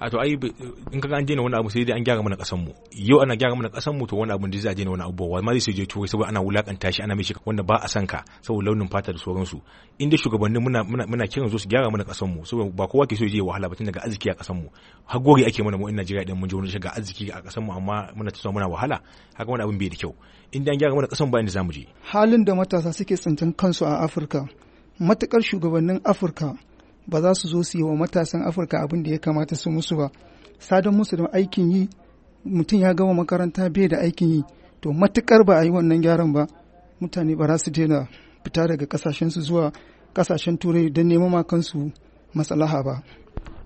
a to ai in kaga an daina wani abu sai dai an gyara mana kasan mu yau ana gyara mana kasan mu to wani abu da zai daina wani abu ba ma zai je to saboda ana wulakanta shi ana mishi wanda ba a san ka saboda launin fata da sauransu inda shugabannin muna muna, muna kiran su su gyara mana kasan mu saboda ba kowa ke so je wahala ba tun daga arziki a kasan mu har gori ake mana mu in Najeriya din mun je wani shiga arziki a kasan mu amma muna ta muna wahala haka wani abu bai da kyau inda an gyara mana kasan ba inda zamu je halin da matasa suke tsintan kansu a Afirka matakar shugabannin Afirka ba za su zo su yi wa matasan afirka abin da ya kamata su musu ba sadon musu da aikin yi mutum ya gama makaranta bai da aikin yi to matukar ba a yi wannan gyaran ba mutane ba za su daina fita daga kasashen su zuwa kasashen turai don neman ma kansu matsalaha ba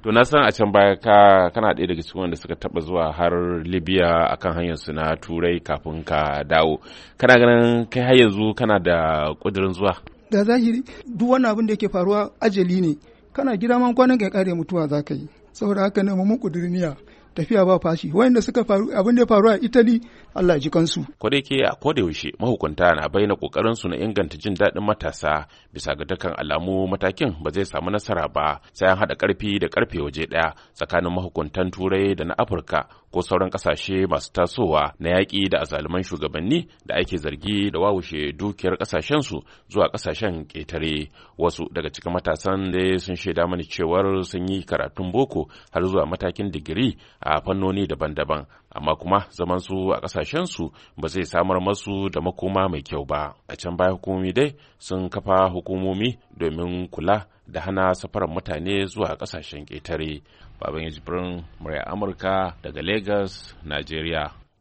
to na san a can baya ka kana ɗaya daga cikin wanda suka taba zuwa har libya akan hanyar su na turai kafin ka dawo kana ganin kai har yanzu kana da ƙudurin zuwa da zahiri duk wannan abin da yake faruwa ajali ne kana gida man kwanan ka kare mutuwa za ka yi saboda haka ne mu kudurniya tafiya ba fashi wayanda suka faru abin da ya faru a Italy Allah ji kansu ko da yake a koda yaushe mahukunta na bayyana kokarin su na inganta jin daɗin matasa bisa ga dukkan alamu matakin ba zai samu nasara ba sai an hada karfi da karfe waje daya tsakanin mahukuntan turai da na Afirka ko sauran kasashe masu tasowa na yaƙi da azaliman shugabanni da ake zargi da wawushe dukiyar kasashensu zuwa kasashen ƙetare wasu daga cikin matasan da sun shaida mani cewar sun yi karatun boko har zuwa matakin digiri a fannoni daban-daban amma kuma zaman su a su ba zai samar masu da makoma mai kyau ba a can baya hukumomi dai sun kafa hukumomi domin kula da hana safarar mutane zuwa kasashen ƙetare. Baban Jibrin murya Amurka daga Lagos, Nigeria.